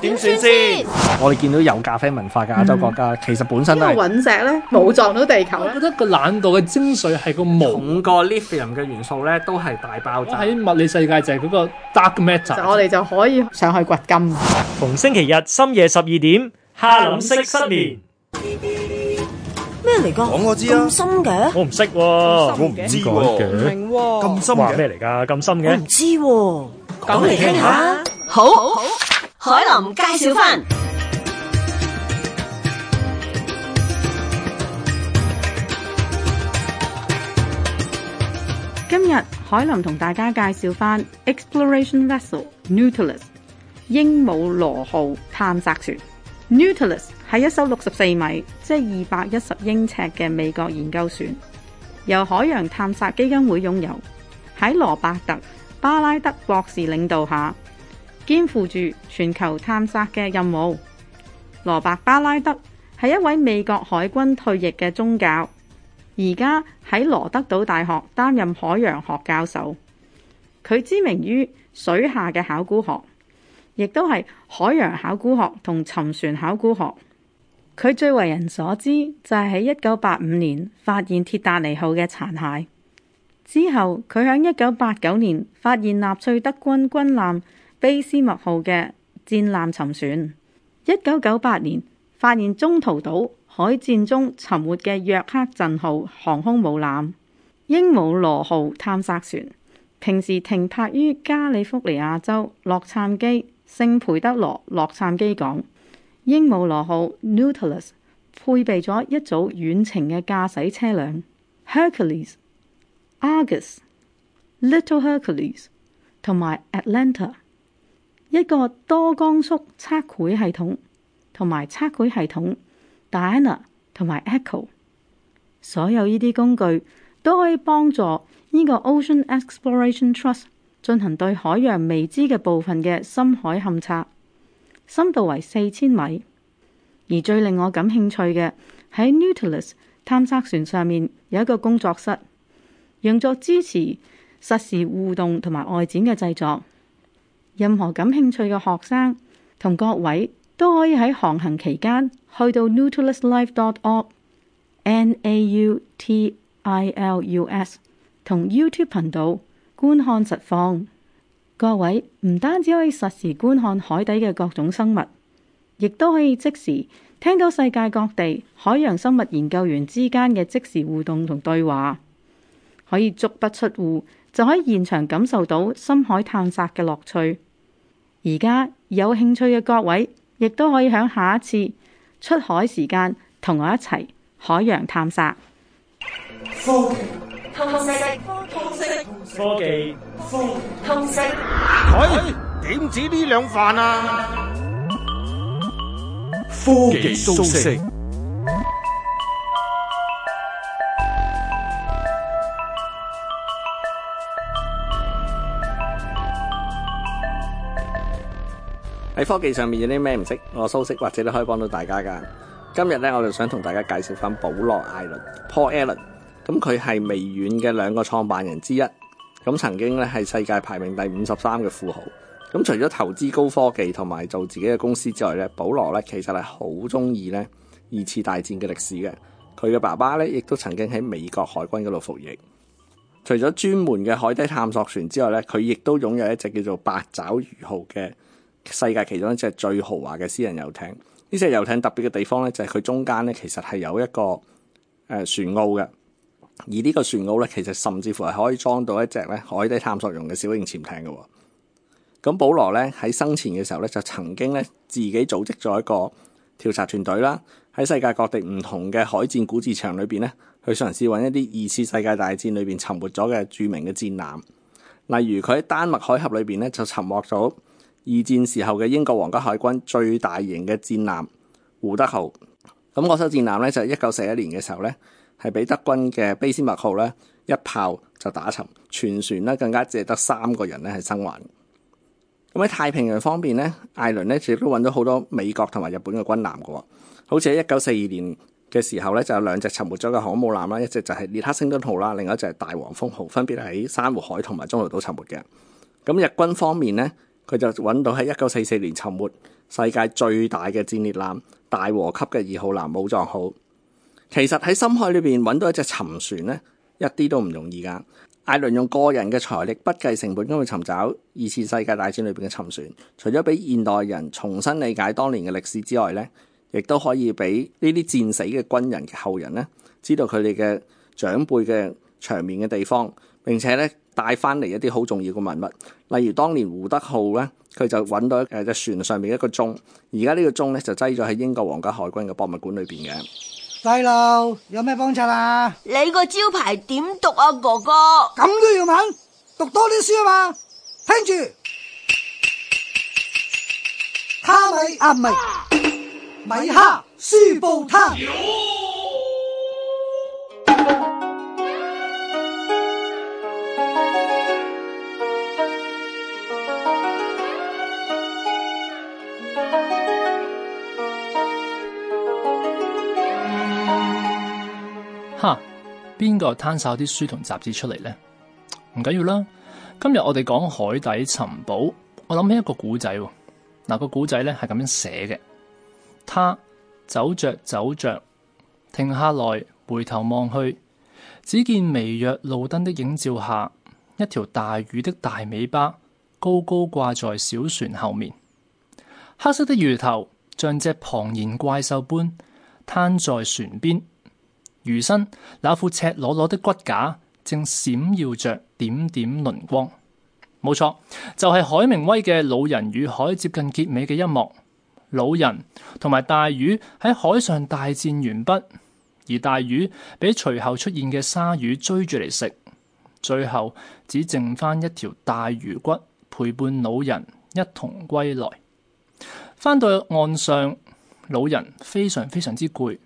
點算先？我哋見到有咖啡文化嘅亞洲國家，其實本身都係隕石咧，冇撞到地球咧。我覺得個難度嘅精髓係個五個 Lithium 嘅元素咧，都係大爆炸喺物理世界就係嗰個 dark matter。我哋就可以上去掘金。逢星期日深夜十二點，哈林式失眠，咩嚟噶？講我知啊，咁深嘅？我唔識，我唔知，咁深嘅？咁深嘅？話咩嚟噶？咁深嘅？我唔知，講嚟聽下，好。海林介紹翻，今日海林同大家介紹翻 Exploration Vessel Nautilus 鸚鵡螺號探索船。Nautilus 係一艘六十四米，即係二百一十英尺嘅美國研究船，由海洋探索基金會擁有，喺羅伯特巴拉德博士領導下。肩負住全球探索嘅任務，羅伯巴拉德係一位美國海軍退役嘅宗教，而家喺羅德島大學擔任海洋學教授。佢知名於水下嘅考古學，亦都係海洋考古學同沉船考古學。佢最為人所知就係喺一九八五年發現鐵達尼號嘅殘骸，之後，佢響一九八九年發現納粹德軍軍艦，卑斯麥號嘅戰艦沉船，一九九八年發現中途島海戰中沉沒嘅約克鎮號航空母艦。鸚鵡螺號探索船平時停泊於加利福尼亞州洛杉磯聖培德羅洛杉磯港。鸚鵡螺號 （Nautilus） 配備咗一組遠程嘅駕駛車輛：Hercules、Her Argus、Little Hercules 同埋 Atlanta。一個多光束測繪系統同埋測繪系統 Diana 同埋 Echo，所有呢啲工具都可以幫助呢個 Ocean Exploration Trust 進行對海洋未知嘅部分嘅深海勘測，深度為四千米。而最令我感興趣嘅喺 Nautilus 探測船上面有一個工作室，用作支持實時互動同埋外展嘅製作。任何感興趣嘅學生同各位都可以喺航行期間去到 nautiluslife.org, n-a-u-t-i-l-u-s 同 YouTube 頻道觀看實況。各位唔單止可以實時觀看海底嘅各種生物，亦都可以即時聽到世界各地海洋生物研究員之間嘅即時互動同對話，可以足不出戶，就可以現場感受到深海探索嘅樂趣。而家有興趣嘅各位，亦都可以喺下一次出海時間同我一齊海洋探索。科技通通地通識，科技通識。佢點止呢兩飯啊？科技通識。喺科技上面有啲咩唔識？我蘇軾或者都可以幫到大家噶。今日咧，我就想同大家介紹翻保羅艾倫 （Paul Allen）。咁佢係微軟嘅兩個創辦人之一，咁曾經咧係世界排名第五十三嘅富豪。咁除咗投資高科技同埋做自己嘅公司之外咧，保羅咧其實係好中意咧二次大戰嘅歷史嘅。佢嘅爸爸咧亦都曾經喺美國海軍嗰度服役。除咗專門嘅海底探索船之外咧，佢亦都擁有一隻叫做八爪魚號嘅。世界其中一隻最豪華嘅私人遊艇，呢隻遊艇特別嘅地方咧，就係佢中間咧，其實係有一個誒船塢嘅。而呢個船塢咧，其實甚至乎係可以裝到一隻咧海底探索用嘅小型潛艇嘅。咁，保羅咧喺生前嘅時候咧，就曾經咧自己組織咗一個調查團隊啦，喺世界各地唔同嘅海戰古戰場裏邊咧，去嘗試搵一啲二次世界大戰裏邊沉沒咗嘅著名嘅戰艦，例如佢喺丹麥海峽裏邊咧就沉沒咗。二戰時候嘅英國皇家海軍最大型嘅戰艦胡德號，咁嗰艘戰艦咧就係一九四一年嘅時候咧，係俾德軍嘅卑斯麥號咧一炮就打沉全船咧，更加只得三個人咧係生還。咁喺太平洋方面咧，艾倫咧亦都揾到好多美國同埋日本嘅軍艦嘅，好似喺一九四二年嘅時候咧就有兩隻沉沒咗嘅航母艦啦，一隻就係列克星頓號啦，另一隻係大黃蜂號，分別喺珊瑚海同埋中途島沉沒嘅。咁日軍方面咧。佢就揾到喺一九四四年沉沒世界最大嘅戰列艦大和級嘅二號艦武藏號。其實喺深海裏邊揾到一隻沉船咧，一啲都唔容易噶。艾倫用個人嘅財力不計成本咁去尋找二次世界大戰裏邊嘅沉船，除咗俾現代人重新理解當年嘅歷史之外咧，亦都可以俾呢啲戰死嘅軍人後人咧，知道佢哋嘅長輩嘅長眠嘅地方。並且咧，帶翻嚟一啲好重要嘅文物，例如當年胡德號咧，佢就揾到誒隻船上面一個鐘，而家呢個鐘咧就擠咗喺英國皇家海軍嘅博物館裏邊嘅。細路，有咩幫襯啊？你個招牌點讀啊，哥哥？咁都要問？讀多啲書啊嘛！聽住，哈米啊，唔係米哈舒布特。哈，邊個攤晒啲書同雜誌出嚟呢？唔緊要啦，今日我哋講海底尋寶，我諗起一個古仔，啊。嗱、啊、個古仔咧係咁樣寫嘅：他走着走着，停下來回頭望去，只見微弱路燈的影照下，一條大魚的大尾巴高高掛在小船後面，黑色的魚頭像隻龐然怪獸般攤在船邊。魚身那副赤裸裸的骨架，正閃耀着點點鱗光。冇錯，就係海明威嘅《老人與海》接近結尾嘅一幕。老人同埋大魚喺海上大戰完畢，而大魚俾隨後出現嘅鯊魚追住嚟食，最後只剩翻一條大魚骨陪伴老人一同歸來。翻到岸上，老人非常非常之攰。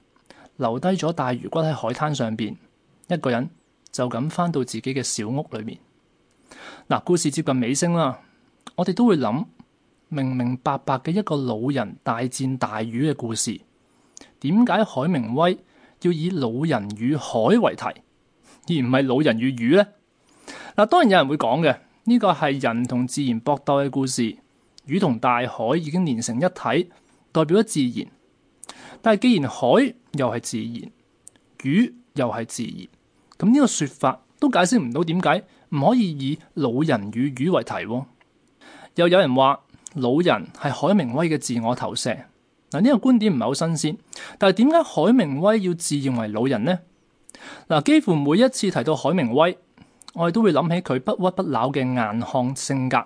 留低咗大魚骨喺海灘上邊，一個人就咁返到自己嘅小屋裏面。嗱，故事接近尾聲啦，我哋都會諗明明白白嘅一個老人大戰大魚嘅故事，點解海明威要以老人與海為題，而唔係老人與魚呢？嗱，當然有人會講嘅，呢個係人同自然搏鬥嘅故事，魚同大海已經連成一體，代表咗自然。但係既然海，又係自然，魚又係自然，咁、這、呢個說法都解釋唔到點解唔可以以老人與魚為題。又有人話老人係海明威嘅自我投射，嗱、這、呢個觀點唔係好新鮮，但係點解海明威要自認為老人呢？嗱，幾乎每一次提到海明威，我哋都會諗起佢不屈不撓嘅硬漢性格。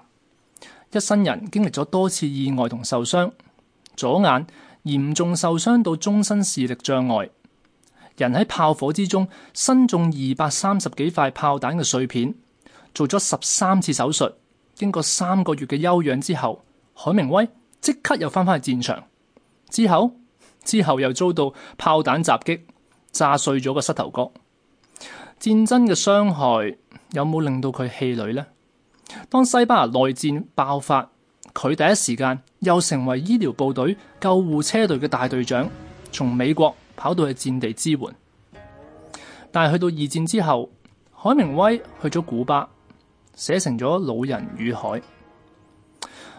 一生人經歷咗多次意外同受傷，左眼。嚴重受傷到終身視力障礙，人喺炮火之中身中二百三十幾塊炮彈嘅碎片，做咗十三次手術，經過三個月嘅休養之後，海明威即刻又翻返去戰場，之後之後又遭到炮彈襲擊，炸碎咗個膝頭哥。戰爭嘅傷害有冇令到佢氣餒呢？當西班牙內戰爆發。佢第一時間又成為醫療部隊救護車隊嘅大隊長，從美國跑到去戰地支援。但係去到二戰之後，海明威去咗古巴，寫成咗《老人與海》。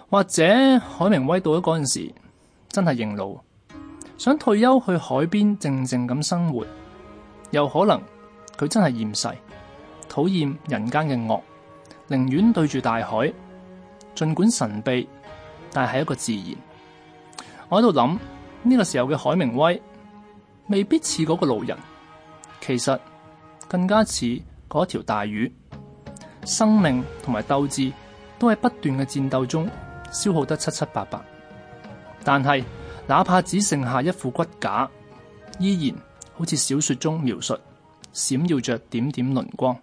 或者海明威到咗嗰陣時，真係認老，想退休去海邊靜靜咁生活。又可能佢真係厭世，討厭人間嘅惡，寧願對住大海。儘管神秘，但係一個自然。我喺度諗呢個時候嘅海明威，未必似嗰個老人，其實更加似嗰條大魚。生命同埋鬥志都喺不斷嘅戰鬥中消耗得七七八八，但係哪怕只剩下一副骨架，依然好似小說中描述，閃耀着點點鱗光。